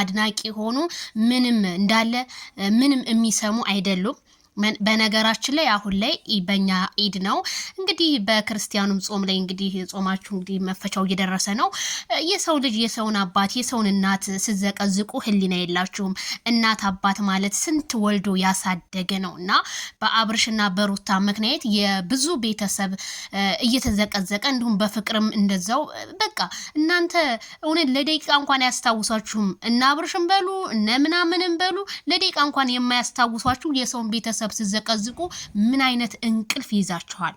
አድናቂ ሆኑ ምንም እንዳለ ምንም የሚሰሙ አይደሉም። በነገራችን ላይ አሁን ላይ በኛ ኢድ ነው እንግዲህ በክርስቲያኑም ጾም ላይ እንግዲህ ጾማችሁ እንግዲህ መፈቻው እየደረሰ ነው። የሰው ልጅ የሰውን አባት የሰውን እናት ስዘቀዝቁ ህሊና የላችሁም። እናት አባት ማለት ስንት ወልዶ ያሳደገ ነው እና በአብርሽና በሩታ ምክንያት የብዙ ቤተሰብ እየተዘቀዘቀ እንዲሁም በፍቅርም እንደዛው በቃ እናንተ እውነት ለደቂቃ እንኳን አያስታውሷችሁም። እነ አብርሽም በሉ እነ ምናምንም በሉ ለደቂቃ እንኳን የማያስታውሷችሁ የሰውን ቤተሰብ ቤተሰብ ዘቀዝቁ ምን አይነት እንቅልፍ ይዛቸዋል?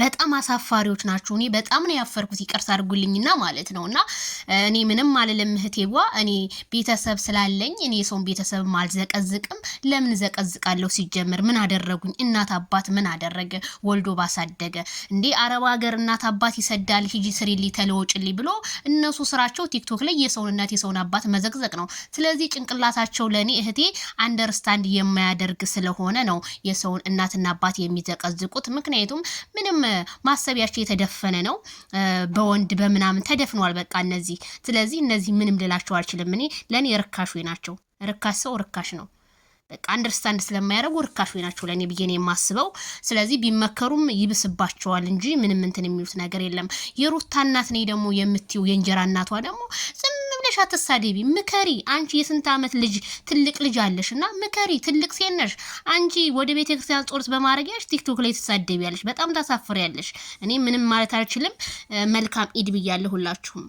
በጣም አሳፋሪዎች ናቸው። እኔ በጣም ነው ያፈርኩት። ይቅርታ አድርጉልኝና ማለት ነው እና እኔ ምንም አልልም እህቴዋ። እኔ ቤተሰብ ስላለኝ እኔ የሰውን ቤተሰብ አልዘቀዝቅም። ለምን ዘቀዝቃለሁ? ሲጀምር ምን አደረጉኝ? እናት አባት ምን አደረገ? ወልዶ ባሳደገ እንዴ! አረብ ሀገር እናት አባት ይሰዳል። ሂጂ ስሪሊ፣ ተለወጭልኝ ብሎ እነሱ ስራቸው ቲክቶክ ላይ የሰውን እናት የሰውን አባት መዘቅዘቅ ነው። ስለዚህ ጭንቅላታቸው ለእኔ እህቴ አንደርስታንድ የማያደርግ ስለሆነ ነው የሰውን እናትና አባት የሚዘቀዝቁት ምክንያቱም ሁሌም ማሰቢያቸው የተደፈነ ነው፣ በወንድ በምናምን ተደፍኗል። በቃ እነዚህ ስለዚህ እነዚህ ምንም ልላቸው አልችልም። እኔ ለእኔ ርካሽ ናቸው። ርካሽ ሰው ርካሽ ነው። በቃ አንደርስታንድ ስለማያደርጉ ርካሽ ናቸው ለእኔ ብዬ ነው የማስበው። ስለዚህ ቢመከሩም ይብስባቸዋል እንጂ ምንም እንትን የሚሉት ነገር የለም። የሩታ እናት ኔ ደግሞ የምትይው የእንጀራ እናቷ ደግሞ ብለሽ አትሳደቢ፣ ምከሪ። አንቺ የስንት ዓመት ልጅ ትልቅ ልጅ አለሽ እና ምከሪ። ትልቅ ሴት ነሽ አንቺ። ወደ ቤተ ክርስቲያን ጾርት በማድረጊያሽ ቲክቶክ ላይ ትሳደቢያለሽ። በጣም ታሳፍሪያለሽ። እኔ ምንም ማለት አልችልም። መልካም ኢድ ብያለሁ ሁላችሁም።